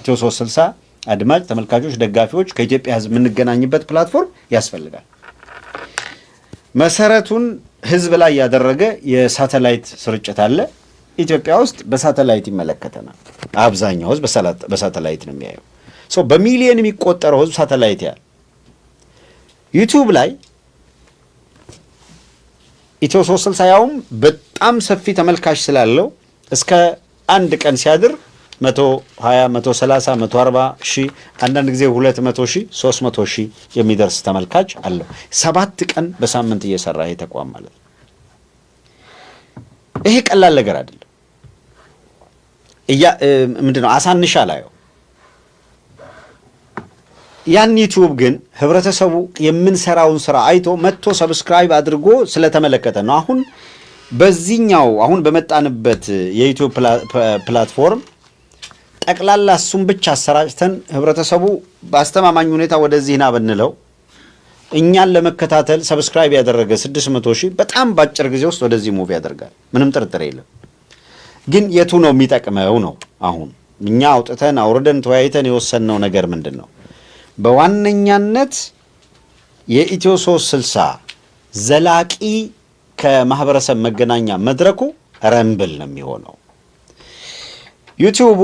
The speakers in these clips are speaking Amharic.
ኢትዮ 360 አድማጭ ተመልካቾች፣ ደጋፊዎች ከኢትዮጵያ ህዝብ የምንገናኝበት ፕላትፎርም ያስፈልጋል። መሰረቱን ህዝብ ላይ ያደረገ የሳተላይት ስርጭት አለ። ኢትዮጵያ ውስጥ በሳተላይት ይመለከተናል። አብዛኛው ህዝብ በሳተላይት ነው የሚያየው። ሶ በሚሊየን የሚቆጠረው ህዝብ ሳተላይት ያል ዩቲዩብ ላይ ኢትዮ 360 ያውም በጣም ሰፊ ተመልካች ስላለው እስከ አንድ ቀን ሲያድር መቶ 20 መቶ 30 መቶ 40 ሺህ አንዳንድ ጊዜ 200 ሺህ 300 ሺህ የሚደርስ ተመልካች አለው። ሰባት ቀን በሳምንት እየሰራ ይሄ ተቋም ማለት ነው። ይሄ ቀላል ነገር አይደለም። እያ ምንድነው አሳንሽ ላየው ያን ዩቲዩብ ግን ህብረተሰቡ የምንሰራውን ስራ አይቶ መቶ ሰብስክራይብ አድርጎ ስለተመለከተ ነው። አሁን በዚህኛው አሁን በመጣንበት የዩቲዩብ ፕላትፎርም ጠቅላላ እሱም ብቻ አሰራጭተን ህብረተሰቡ በአስተማማኝ ሁኔታ ወደዚህ ና ብንለው እኛን ለመከታተል ሰብስክራይብ ያደረገ 600 ሺህ በጣም በአጭር ጊዜ ውስጥ ወደዚህ ሙቭ ያደርጋል። ምንም ጥርጥር የለም። ግን የቱ ነው የሚጠቅመው ነው። አሁን እኛ አውጥተን አውርደን ተወያይተን የወሰንነው ነገር ምንድን ነው? በዋነኛነት የኢትዮ 360 ዘላቂ ከማህበረሰብ መገናኛ መድረኩ ረምብል ነው የሚሆነው ዩቲዩቡ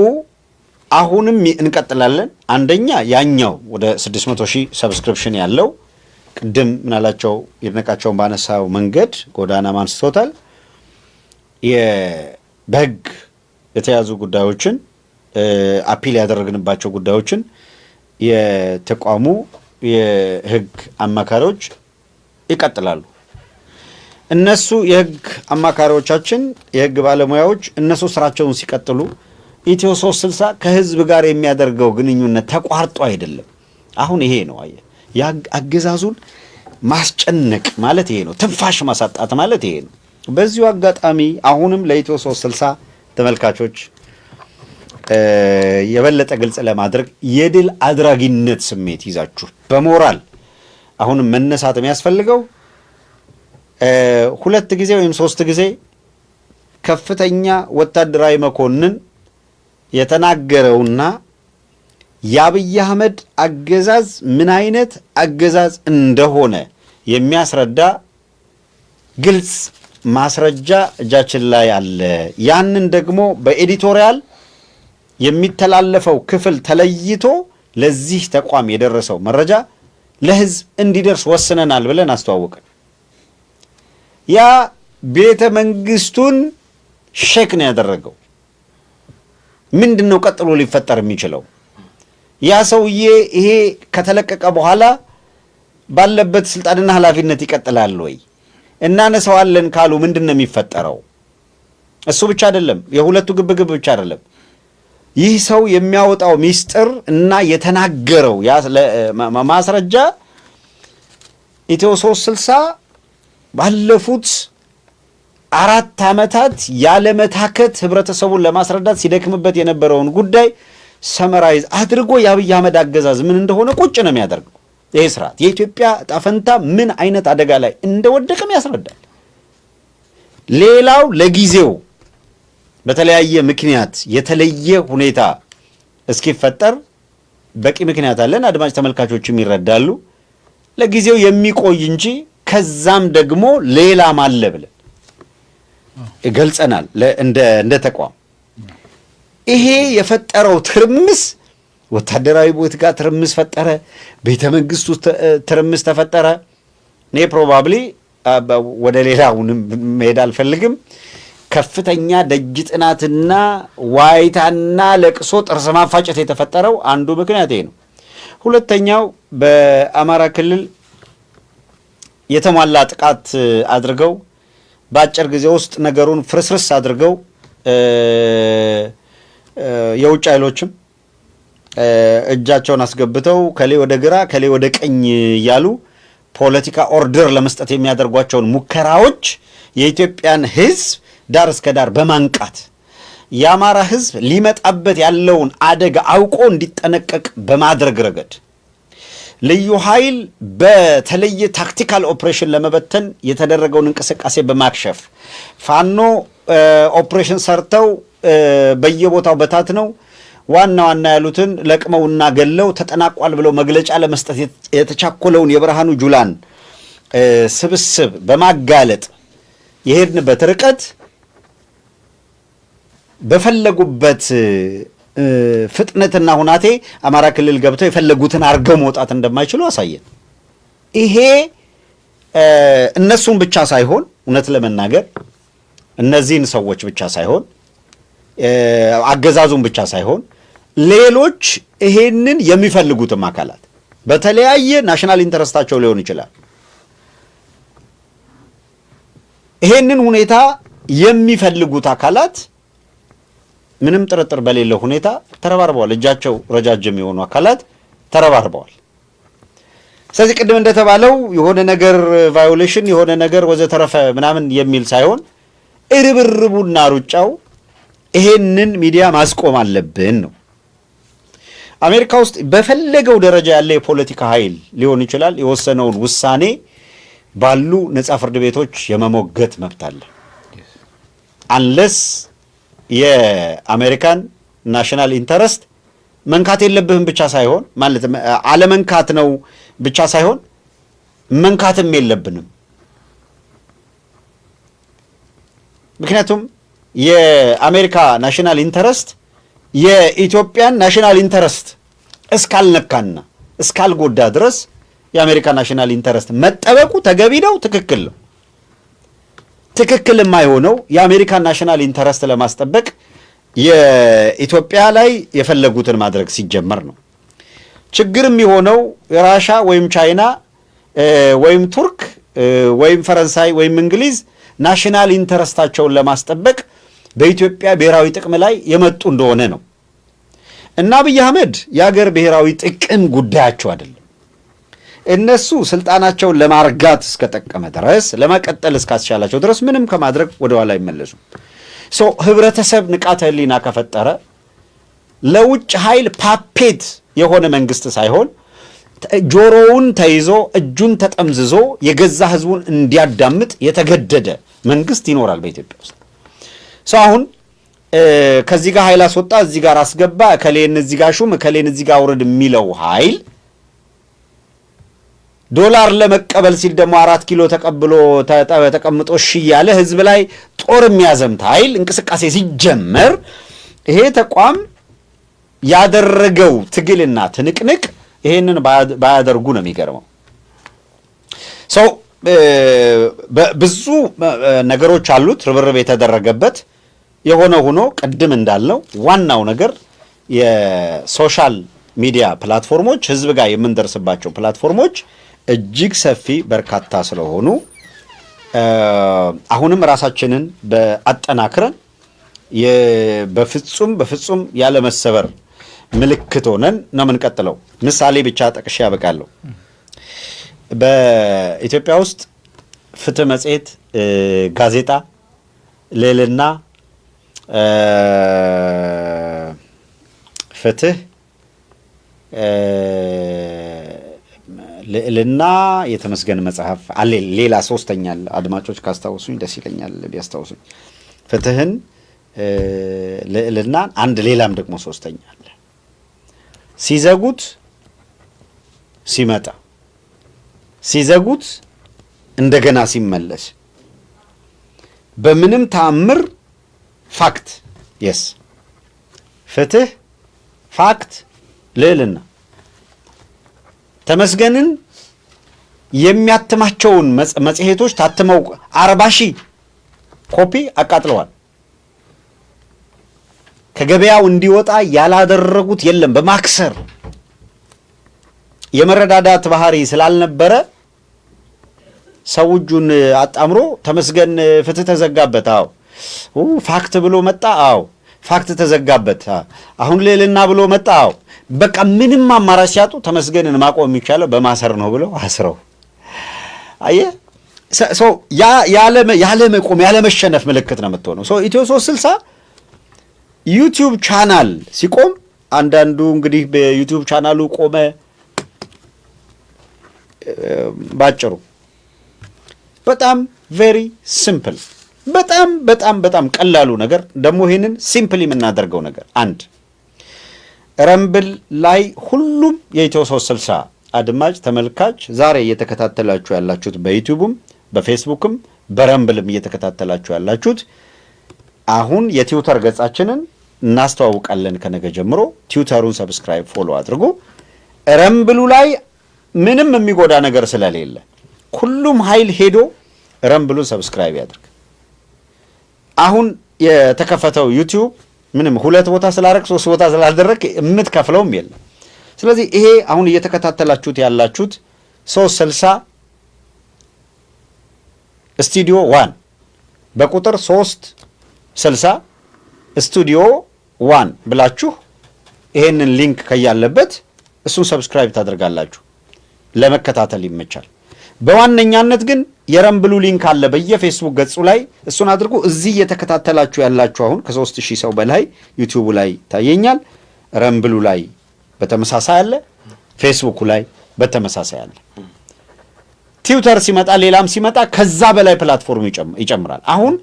አሁንም እንቀጥላለን። አንደኛ ያኛው ወደ 600 ሺህ ሰብስክሪፕሽን ያለው ቅድም ምናላቸው የድነቃቸውን ባነሳው መንገድ ጎዳና ማንስቶታል። በህግ የተያዙ ጉዳዮችን አፒል ያደረግንባቸው ጉዳዮችን የተቋሙ የህግ አማካሪዎች ይቀጥላሉ። እነሱ የህግ አማካሪዎቻችን የህግ ባለሙያዎች እነሱ ስራቸውን ሲቀጥሉ ኢትዮ 360 ከህዝብ ጋር የሚያደርገው ግንኙነት ተቋርጦ አይደለም። አሁን ይሄ ነው አገዛዙን ማስጨነቅ ማለት ይሄ ነው። ትንፋሽ ማሳጣት ማለት ይሄ ነው። በዚሁ አጋጣሚ አሁንም ለኢትዮ 360 ተመልካቾች የበለጠ ግልጽ ለማድረግ የድል አድራጊነት ስሜት ይዛችሁ በሞራል አሁንም መነሳት የሚያስፈልገው ሁለት ጊዜ ወይም ሶስት ጊዜ ከፍተኛ ወታደራዊ መኮንን የተናገረውና የአብይ አህመድ አገዛዝ ምን አይነት አገዛዝ እንደሆነ የሚያስረዳ ግልጽ ማስረጃ እጃችን ላይ አለ። ያንን ደግሞ በኤዲቶሪያል የሚተላለፈው ክፍል ተለይቶ ለዚህ ተቋም የደረሰው መረጃ ለህዝብ እንዲደርስ ወስነናል ብለን አስተዋወቅን። ያ ቤተ መንግስቱን ሼክ ነው ያደረገው። ምንድን ነው ቀጥሎ ሊፈጠር የሚችለው? ያ ሰውዬ ይሄ ከተለቀቀ በኋላ ባለበት ስልጣንና ኃላፊነት ይቀጥላል ወይ? እናነሰዋለን ካሉ ምንድን ነው የሚፈጠረው? እሱ ብቻ አይደለም፣ የሁለቱ ግብግብ ብቻ አይደለም። ይህ ሰው የሚያወጣው ሚስጥር እና የተናገረው ማስረጃ ኢትዮ ሶስት ስልሳ ባለፉት አራት ዓመታት ያለመታከት ህብረተሰቡን ለማስረዳት ሲደክምበት የነበረውን ጉዳይ ሰመራይዝ አድርጎ የአብይ አህመድ አገዛዝ ምን እንደሆነ ቁጭ ነው የሚያደርገው። ይህ ስርዓት የኢትዮጵያ ጣፈንታ ምን አይነት አደጋ ላይ እንደወደቀም ያስረዳል። ሌላው ለጊዜው በተለያየ ምክንያት የተለየ ሁኔታ እስኪፈጠር በቂ ምክንያት አለን፣ አድማጭ ተመልካቾችም ይረዳሉ። ለጊዜው የሚቆይ እንጂ ከዛም ደግሞ ሌላ ማለ ብለን ገልጸናል እንደ ተቋም። ይሄ የፈጠረው ትርምስ ወታደራዊ ቦት ጋር ትርምስ ፈጠረ፣ ቤተ መንግስቱ ትርምስ ተፈጠረ። እኔ ፕሮባብሊ ወደ ሌላውንም መሄድ አልፈልግም። ከፍተኛ ደጅ ጥናትና ዋይታና ለቅሶ ጥርስ ማፋጨት የተፈጠረው አንዱ ምክንያት ይሄ ነው። ሁለተኛው በአማራ ክልል የተሟላ ጥቃት አድርገው በአጭር ጊዜ ውስጥ ነገሩን ፍርስርስ አድርገው የውጭ ኃይሎችም እጃቸውን አስገብተው ከሌ ወደ ግራ ከሌ ወደ ቀኝ እያሉ ፖለቲካ ኦርደር ለመስጠት የሚያደርጓቸውን ሙከራዎች የኢትዮጵያን ሕዝብ ዳር እስከ ዳር በማንቃት የአማራ ሕዝብ ሊመጣበት ያለውን አደጋ አውቆ እንዲጠነቀቅ በማድረግ ረገድ ልዩ ኃይል በተለየ ታክቲካል ኦፕሬሽን ለመበተን የተደረገውን እንቅስቃሴ በማክሸፍ ፋኖ ኦፕሬሽን ሰርተው በየቦታው በታት ነው ዋና ዋና ያሉትን ለቅመውና ገለው ተጠናቋል ብለው መግለጫ ለመስጠት የተቻኮለውን የብርሃኑ ጁላን ስብስብ በማጋለጥ የሄድንበት ርቀት በፈለጉበት ፍጥነትና ሁናቴ አማራ ክልል ገብተው የፈለጉትን አድርገው መውጣት እንደማይችሉ አሳየን። ይሄ እነሱን ብቻ ሳይሆን እውነት ለመናገር እነዚህን ሰዎች ብቻ ሳይሆን አገዛዙን ብቻ ሳይሆን ሌሎች ይሄንን የሚፈልጉትም አካላት በተለያየ ናሽናል ኢንተረስታቸው ሊሆን ይችላል ይሄንን ሁኔታ የሚፈልጉት አካላት ምንም ጥርጥር በሌለው ሁኔታ ተረባርበዋል። እጃቸው ረጃጅም የሆኑ አካላት ተረባርበዋል። ስለዚህ ቅድም እንደተባለው የሆነ ነገር ቫዮሌሽን የሆነ ነገር ወዘተረፈ ምናምን የሚል ሳይሆን እርብርቡና ሩጫው ይሄንን ሚዲያ ማስቆም አለብን ነው። አሜሪካ ውስጥ በፈለገው ደረጃ ያለ የፖለቲካ ኃይል ሊሆን ይችላል የወሰነውን ውሳኔ ባሉ ነጻ ፍርድ ቤቶች የመሞገት መብት አለ አንለስ የአሜሪካን ናሽናል ኢንተረስት መንካት የለብህም ብቻ ሳይሆን ማለት አለመንካት ነው ብቻ ሳይሆን መንካትም የለብንም። ምክንያቱም የአሜሪካ ናሽናል ኢንተረስት የኢትዮጵያን ናሽናል ኢንተረስት እስካልነካና እስካልጎዳ ድረስ የአሜሪካ ናሽናል ኢንተረስት መጠበቁ ተገቢ ነው፣ ትክክል ነው። ትክክል የማይሆነው የአሜሪካን ናሽናል ኢንተረስት ለማስጠበቅ የኢትዮጵያ ላይ የፈለጉትን ማድረግ ሲጀመር ነው። ችግር የሚሆነው ራሻ ወይም ቻይና ወይም ቱርክ ወይም ፈረንሳይ ወይም እንግሊዝ ናሽናል ኢንተረስታቸውን ለማስጠበቅ በኢትዮጵያ ብሔራዊ ጥቅም ላይ የመጡ እንደሆነ ነው እና አብይ አህመድ የአገር ብሔራዊ ጥቅም ጉዳያቸው አይደለም። እነሱ ስልጣናቸውን ለማርጋት እስከጠቀመ ድረስ ለመቀጠል እስካስቻላቸው ድረስ ምንም ከማድረግ ወደኋላ አይመለሱም። ህብረተሰብ ንቃተ ህሊና ከፈጠረ ለውጭ ኃይል ፓፔት የሆነ መንግስት ሳይሆን ጆሮውን ተይዞ እጁን ተጠምዝዞ የገዛ ህዝቡን እንዲያዳምጥ የተገደደ መንግስት ይኖራል በኢትዮጵያ ውስጥ። ሰው አሁን ከዚህ ጋር ኃይል አስወጣ፣ እዚህ ጋር አስገባ፣ እከሌን እዚህ ጋር ሹም፣ እከሌን እዚህ ጋር አውርድ የሚለው ኃይል ዶላር ለመቀበል ሲል ደግሞ አራት ኪሎ ተቀብሎ ተቀምጦ እሺ እያለ ህዝብ ላይ ጦር የሚያዘምት ኃይል እንቅስቃሴ ሲጀመር ይሄ ተቋም ያደረገው ትግልና ትንቅንቅ ይሄንን ባያደርጉ ነው የሚገርመው። ሰው ብዙ ነገሮች አሉት፣ ርብርብ የተደረገበት የሆነ ሆኖ ቅድም እንዳልነው ዋናው ነገር የሶሻል ሚዲያ ፕላትፎርሞች፣ ህዝብ ጋር የምንደርስባቸው ፕላትፎርሞች እጅግ ሰፊ በርካታ ስለሆኑ አሁንም ራሳችንን በአጠናክረን በፍጹም በፍጹም ያለመሰበር ምልክት ሆነን ነው የምንቀጥለው። ምሳሌ ብቻ ጠቅሼ ያበቃለሁ። በኢትዮጵያ ውስጥ ፍትህ መጽሔት፣ ጋዜጣ፣ ልዕልና፣ ፍትህ ልዕልና የተመስገን መጽሐፍ አለ። ሌላ ሶስተኛ አድማጮች ካስታወሱኝ ደስ ይለኛል ቢያስታውሱኝ። ፍትህን፣ ልዕልናን አንድ ሌላም ደግሞ ሶስተኛ አለ። ሲዘጉት ሲመጣ፣ ሲዘጉት እንደገና ሲመለስ፣ በምንም ተአምር ፋክት የስ ፍትህ፣ ፋክት፣ ልዕልና ተመስገንን የሚያትማቸውን መጽሔቶች ታትመው አርባ ሺህ ኮፒ አቃጥለዋል። ከገበያው እንዲወጣ ያላደረጉት የለም። በማክሰር የመረዳዳት ባህሪ ስላልነበረ ሰው እጁን አጣምሮ ተመስገን ፍትህ ተዘጋበት። አዎ ፋክት ብሎ መጣ። አዎ ፋክት ተዘጋበት። አሁን ሌልና ብሎ መጣ። አዎ በቃ ምንም አማራጭ ሲያጡ ተመስገንን ማቆም የሚቻለው በማሰር ነው ብለው አስረው አየህ ሰው ያለ መቆም ያለ መሸነፍ ምልክት ነው የምትሆነው። ሰው ኢትዮ ሶስት ስልሳ ዩቲዩብ ቻናል ሲቆም አንዳንዱ እንግዲህ በዩቲዩብ ቻናሉ ቆመ። ባጭሩ በጣም ቬሪ ሲምፕል፣ በጣም በጣም በጣም ቀላሉ ነገር ደግሞ ይህንን ሲምፕል የምናደርገው ነገር አንድ ረምብል ላይ ሁሉም የኢትዮ ሶስት ስልሳ አድማጭ ተመልካች ዛሬ እየተከታተላችሁ ያላችሁት በዩቲዩብም በፌስቡክም በረምብልም እየተከታተላችሁ ያላችሁት አሁን የቲዩተር ገጻችንን እናስተዋውቃለን። ከነገ ጀምሮ ቲዩተሩን ሰብስክራይብ፣ ፎሎ አድርጉ። ረምብሉ ላይ ምንም የሚጎዳ ነገር ስለሌለ ሁሉም ኃይል ሄዶ ረምብሉን ሰብስክራይብ ያድርግ። አሁን የተከፈተው ዩቲዩብ ምንም ሁለት ቦታ ስላደረግ ሶስት ቦታ ስላልደረግ የምትከፍለውም የለም። ስለዚህ ይሄ አሁን እየተከታተላችሁት ያላችሁት ሶስት ስልሳ ስቱዲዮ ዋን በቁጥር ሶስት ስልሳ ስቱዲዮ ዋን ብላችሁ ይሄንን ሊንክ ከያለበት እሱን ሰብስክራይብ ታደርጋላችሁ። ለመከታተል ይመቻል። በዋነኛነት ግን የረምብሉ ሊንክ አለ በየፌስቡክ ገጹ ላይ እሱን አድርጉ። እዚህ እየተከታተላችሁ ያላችሁ አሁን ከሶስት ሺህ ሰው በላይ ዩቲዩቡ ላይ ይታየኛል። ረምብሉ ላይ በተመሳሳይ አለ። ፌስቡኩ ላይ በተመሳሳይ አለ። ትዊተር ሲመጣ ሌላም ሲመጣ ከዛ በላይ ፕላትፎርም ይጨምራል። አሁን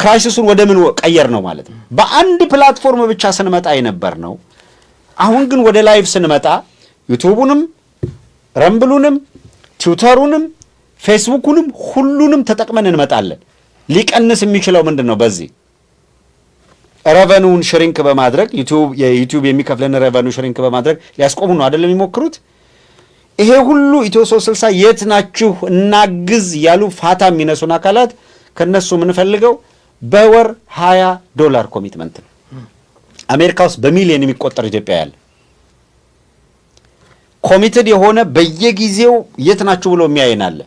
ክራይሲሱን ወደ ምን ቀየር ነው ማለት ነው። በአንድ ፕላትፎርም ብቻ ስንመጣ የነበር ነው። አሁን ግን ወደ ላይቭ ስንመጣ ዩቱቡንም፣ ረምብሉንም፣ ትዊተሩንም፣ ፌስቡኩንም ሁሉንም ተጠቅመን እንመጣለን። ሊቀንስ የሚችለው ምንድን ነው በዚህ ረቨኑን ሽሪንክ በማድረግ የዩቲዩብ የሚከፍለን ረቨኑ ሽሪንክ በማድረግ ሊያስቆሙ ነው አይደለም የሚሞክሩት። ይሄ ሁሉ ኢትዮ ሶስት ስልሳ የት ናችሁ እናግዝ ያሉ ፋታ የሚነሱን አካላት ከነሱ የምንፈልገው በወር 20 ዶላር ኮሚትመንት ነው። አሜሪካ ውስጥ በሚሊዮን የሚቆጠር ኢትዮጵያ ያለ ኮሚትድ የሆነ በየጊዜው የት ናችሁ ብሎ የሚያየን አለ።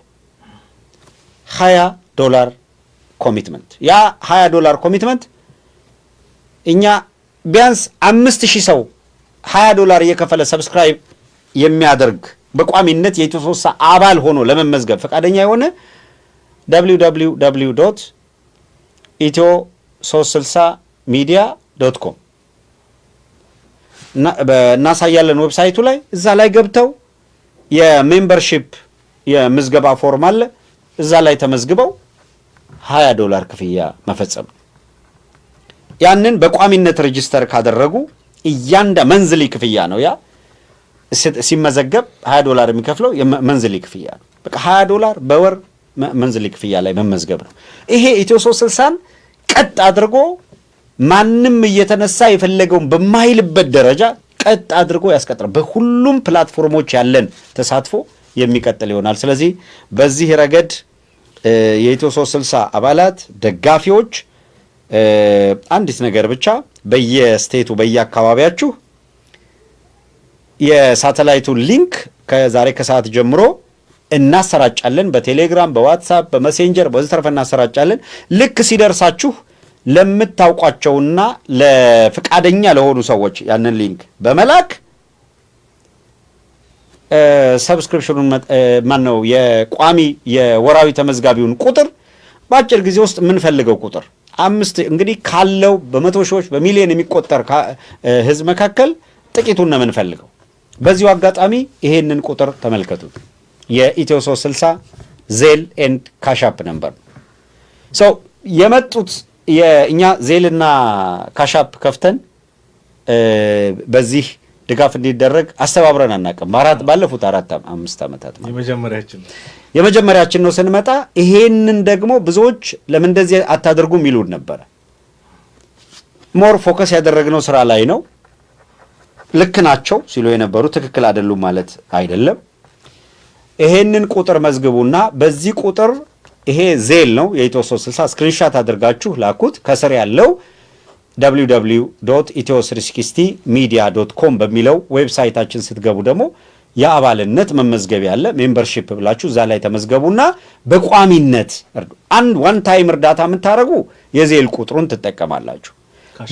20 ዶላር ኮሚትመንት ያ 20 ዶላር ኮሚትመንት እኛ ቢያንስ አምስት ሺህ ሰው ሀያ ዶላር እየከፈለ ሰብስክራይብ የሚያደርግ በቋሚነት የኢትዮ አባል ሆኖ ለመመዝገብ ፈቃደኛ የሆነ www ኢትዮ 360 ሚዲያ ዶት ኮም እናሳያለን። ዌብሳይቱ ላይ እዛ ላይ ገብተው የሜምበርሺፕ የምዝገባ ፎርም አለ። እዛ ላይ ተመዝግበው 20 ዶላር ክፍያ መፈጸም ያንን በቋሚነት ሬጂስተር ካደረጉ እያንዳ መንዝሊ ክፍያ ነው ያ ሲመዘገብ 20 ዶላር የሚከፍለው መንዝሊ ክፍያ ነው። በቃ 20 ዶላር በወር መንዝሊ ክፍያ ላይ መመዝገብ ነው። ይሄ ኢትዮ ስልሳን ቀጥ አድርጎ ማንም እየተነሳ የፈለገውን በማይልበት ደረጃ ቀጥ አድርጎ ያስቀጥራል። በሁሉም ፕላትፎርሞች ያለን ተሳትፎ የሚቀጥል ይሆናል። ስለዚህ በዚህ ረገድ የኢትዮ ስልሳ አባላት፣ ደጋፊዎች አንዲት ነገር ብቻ በየስቴቱ በየአካባቢያችሁ የሳተላይቱን ሊንክ ከዛሬ ከሰዓት ጀምሮ እናሰራጫለን። በቴሌግራም፣ በዋትሳፕ፣ በመሴንጀር በወዘተረፈ እናሰራጫለን። ልክ ሲደርሳችሁ ለምታውቋቸውና ለፍቃደኛ ለሆኑ ሰዎች ያንን ሊንክ በመላክ ሰብስክሪፕሽኑን ማን ነው የቋሚ የወራዊ ተመዝጋቢውን ቁጥር በአጭር ጊዜ ውስጥ የምንፈልገው ቁጥር አምስት እንግዲህ ካለው በመቶ ሺዎች በሚሊዮን የሚቆጠር ህዝብ መካከል ጥቂቱን ነው የምንፈልገው። በዚሁ አጋጣሚ ይሄንን ቁጥር ተመልከቱት። የኢትዮ 360 ዜል ኤንድ ካሻፕ ነምበር ሰው የመጡት የእኛ ዜልና ካሻፕ ከፍተን በዚህ ድጋፍ እንዲደረግ አስተባብረን አናውቅም። አራት ባለፉት አራት አምስት ዓመታት የመጀመሪያችን ነው ስንመጣ ይሄንን ደግሞ ብዙዎች ለምን እንደዚህ አታደርጉም ይሉን ነበረ። ሞር ፎከስ ያደረግነው ስራ ላይ ነው። ልክ ናቸው ሲሉ የነበሩ ትክክል አይደሉም ማለት አይደለም። ይሄንን ቁጥር መዝግቡና በዚህ ቁጥር ይሄ ዜል ነው የኢትዮ ሶስት ስልሳ ስክሪንሻት አድርጋችሁ ላኩት ከስር ያለው ኢትዮስሪስኪስቲ ሚዲያ ዶት ኮም በሚለው ዌብሳይታችን ስትገቡ ደግሞ የአባልነት መመዝገቢያ አለ። ሜምበርሺፕ ብላችሁ እዛ ላይ ተመዝገቡና በቋሚነት አንድ ዋን ታይም እርዳታ የምታደረጉ የዜል ቁጥሩን ትጠቀማላችሁ።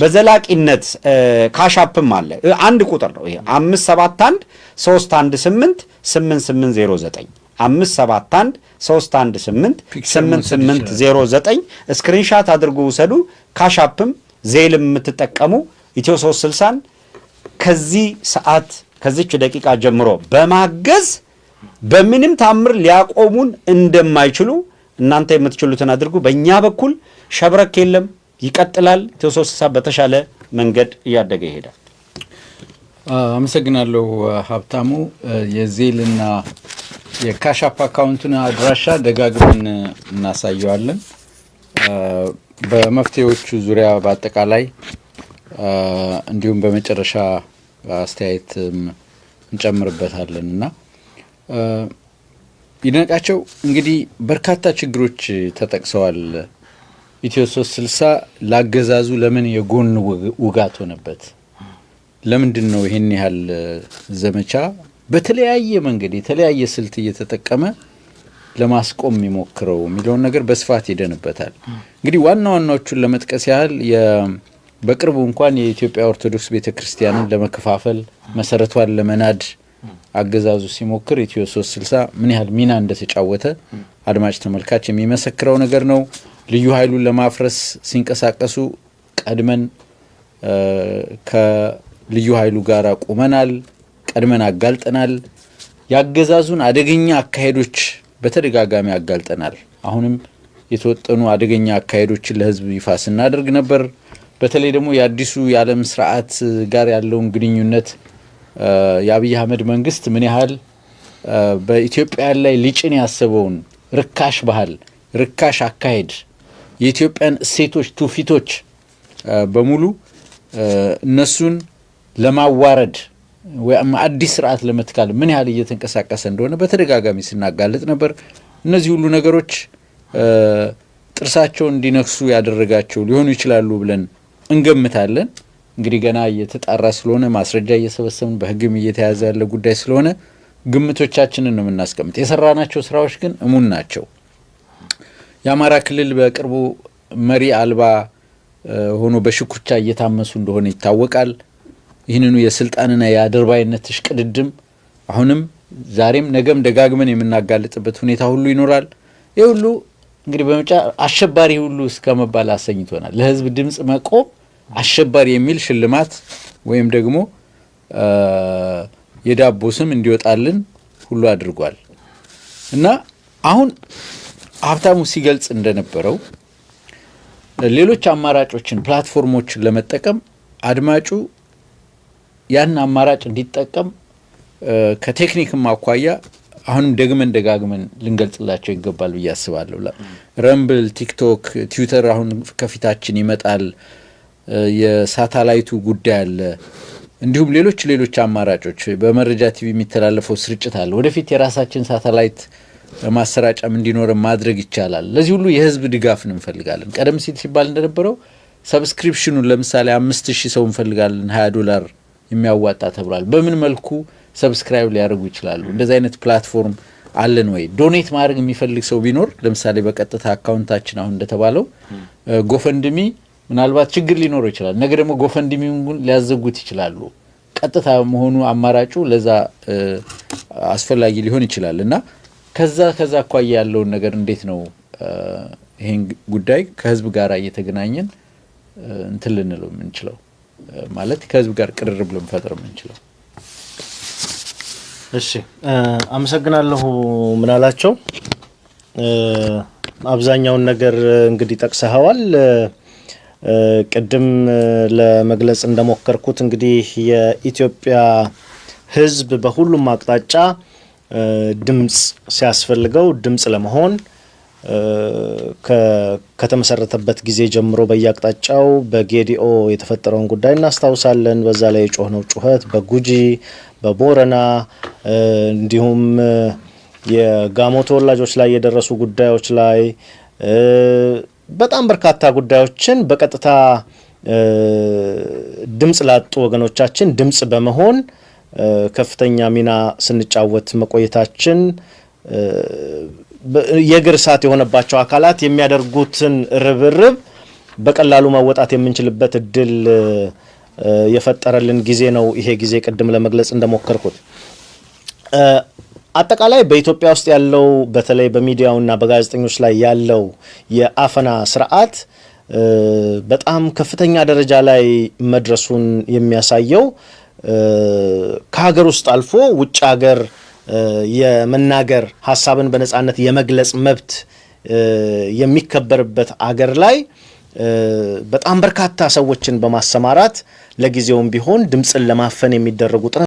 በዘላቂነት ካሻፕም አለ። አንድ ቁጥር ነው ይሄ አንድ ስምንት ስምንት ስምንት ዜሮ ዘጠኝ ስክሪንሻት አድርጎ ውሰዱ። ካሻፕም ዜልም የምትጠቀሙ ኢትዮ 360ን ከዚህ ሰዓት ከዚች ደቂቃ ጀምሮ በማገዝ በምንም ታምር ሊያቆሙን እንደማይችሉ እናንተ የምትችሉትን አድርጉ። በእኛ በኩል ሸብረክ የለም፣ ይቀጥላል። ኢትዮ 360 በተሻለ መንገድ እያደገ ይሄዳል። አመሰግናለሁ ሀብታሙ። የዜልና የካሻፕ አካውንቱን አድራሻ ደጋግመን እናሳየዋለን። በመፍትሄዎቹ ዙሪያ በአጠቃላይ እንዲሁም በመጨረሻ አስተያየት እንጨምርበታለን እና ይድነቃቸው እንግዲህ በርካታ ችግሮች ተጠቅሰዋል። ኢትዮ ሶስት ስልሳ ላገዛዙ ለምን የጎን ውጋት ሆነበት? ለምንድን ነው ይህን ያህል ዘመቻ በተለያየ መንገድ የተለያየ ስልት እየተጠቀመ ለማስቆም የሚሞክረው የሚለውን ነገር በስፋት ሄደንበታል። እንግዲህ ዋና ዋናዎቹን ለመጥቀስ ያህል በቅርቡ እንኳን የኢትዮጵያ ኦርቶዶክስ ቤተ ክርስቲያንን ለመከፋፈል መሰረቷን ለመናድ አገዛዙ ሲሞክር ኢትዮ 360 ምን ያህል ሚና እንደተጫወተ አድማጭ ተመልካች የሚመሰክረው ነገር ነው። ልዩ ኃይሉን ለማፍረስ ሲንቀሳቀሱ ቀድመን ከልዩ ኃይሉ ጋር ቁመናል፣ ቀድመን አጋልጠናል። ያገዛዙን አደገኛ አካሄዶች በተደጋጋሚ አጋልጠናል። አሁንም የተወጠኑ አደገኛ አካሄዶችን ለህዝብ ይፋ ስናደርግ ነበር። በተለይ ደግሞ የአዲሱ የዓለም ስርዓት ጋር ያለውን ግንኙነት የአብይ አህመድ መንግስት ምን ያህል በኢትዮጵያን ላይ ሊጭን ያሰበውን ርካሽ ባህል፣ ርካሽ አካሄድ፣ የኢትዮጵያን እሴቶች፣ ትውፊቶች በሙሉ እነሱን ለማዋረድ አዲስ ስርዓት ለመትካል ምን ያህል እየተንቀሳቀሰ እንደሆነ በተደጋጋሚ ስናጋለጥ ነበር። እነዚህ ሁሉ ነገሮች ጥርሳቸውን እንዲነክሱ ያደረጋቸው ሊሆኑ ይችላሉ ብለን እንገምታለን። እንግዲህ ገና እየተጣራ ስለሆነ ማስረጃ እየሰበሰብን በህግም እየተያዘ ያለ ጉዳይ ስለሆነ ግምቶቻችንን ነው የምናስቀምጥ። የሰራናቸው ስራዎች ግን እሙን ናቸው። የአማራ ክልል በቅርቡ መሪ አልባ ሆኖ በሽኩቻ እየታመሱ እንደሆነ ይታወቃል። ይህንኑ የስልጣንና የአድርባይነት እሽቅድድም አሁንም ዛሬም ነገም ደጋግመን የምናጋልጥበት ሁኔታ ሁሉ ይኖራል። ይህ ሁሉ እንግዲህ በምርጫ አሸባሪ ሁሉ እስከ መባል አሰኝቶናል። ለህዝብ ድምፅ መቆም አሸባሪ የሚል ሽልማት ወይም ደግሞ የዳቦ ስም እንዲወጣልን ሁሉ አድርጓል እና አሁን ሀብታሙ ሲገልጽ እንደነበረው ሌሎች አማራጮችን ፕላትፎርሞችን ለመጠቀም አድማጩ ያን አማራጭ እንዲጠቀም ከቴክኒክም አኳያ አሁንም ደግመን ደጋግመን ልንገልጽላቸው ይገባል ብዬ አስባለሁ። ረምብል፣ ቲክቶክ፣ ትዊተር አሁን ከፊታችን ይመጣል። የሳተላይቱ ጉዳይ አለ። እንዲሁም ሌሎች ሌሎች አማራጮች በመረጃ ቲቪ የሚተላለፈው ስርጭት አለ። ወደፊት የራሳችን ሳተላይት ማሰራጫም እንዲኖረን ማድረግ ይቻላል። ለዚህ ሁሉ የህዝብ ድጋፍ እንፈልጋለን። ቀደም ሲል ሲባል እንደነበረው ሰብስክሪፕሽኑን ለምሳሌ አምስት ሺህ ሰው እንፈልጋለን ሀያ ዶላር የሚያዋጣ ተብሏል። በምን መልኩ ሰብስክራይብ ሊያደርጉ ይችላሉ? እንደዚህ አይነት ፕላትፎርም አለን ወይ? ዶኔት ማድረግ የሚፈልግ ሰው ቢኖር ለምሳሌ በቀጥታ አካውንታችን አሁን እንደተባለው ጎፈንድሚ ምናልባት ችግር ሊኖረው ይችላል። ነገ ደግሞ ጎፈንድሚ ሊያዘጉት ይችላሉ። ቀጥታ መሆኑ አማራጩ ለዛ አስፈላጊ ሊሆን ይችላል እና ከዛ ከዛ አኳያ ያለውን ነገር እንዴት ነው ይህን ጉዳይ ከህዝብ ጋር እየተገናኘን እንትን ልንለው የምንችለው? ማለት ከህዝብ ጋር ቅርርብ ልንፈጥር የምንችለው። እሺ አመሰግናለሁ። ምናላቸው አብዛኛውን ነገር እንግዲህ ጠቅሰኸዋል። ቅድም ለመግለጽ እንደሞከርኩት እንግዲህ የኢትዮጵያ ህዝብ በሁሉም አቅጣጫ ድምፅ ሲያስፈልገው ድምፅ ለመሆን ከተመሰረተበት ጊዜ ጀምሮ በየአቅጣጫው በጌዲኦ የተፈጠረውን ጉዳይ እናስታውሳለን። በዛ ላይ የጮህነው ጩኸት በጉጂ በቦረና እንዲሁም የጋሞ ተወላጆች ላይ የደረሱ ጉዳዮች ላይ በጣም በርካታ ጉዳዮችን በቀጥታ ድምፅ ላጡ ወገኖቻችን ድምፅ በመሆን ከፍተኛ ሚና ስንጫወት መቆየታችን የእግር እሳት የሆነባቸው አካላት የሚያደርጉትን ርብርብ በቀላሉ መወጣት የምንችልበት እድል የፈጠረልን ጊዜ ነው ይሄ ጊዜ። ቅድም ለመግለጽ እንደሞከርኩት አጠቃላይ በኢትዮጵያ ውስጥ ያለው በተለይ በሚዲያውና በጋዜጠኞች ላይ ያለው የአፈና ስርዓት በጣም ከፍተኛ ደረጃ ላይ መድረሱን የሚያሳየው ከሀገር ውስጥ አልፎ ውጭ ሀገር የመናገር ሀሳብን በነጻነት የመግለጽ መብት የሚከበርበት አገር ላይ በጣም በርካታ ሰዎችን በማሰማራት ለጊዜውም ቢሆን ድምፅን ለማፈን የሚደረጉ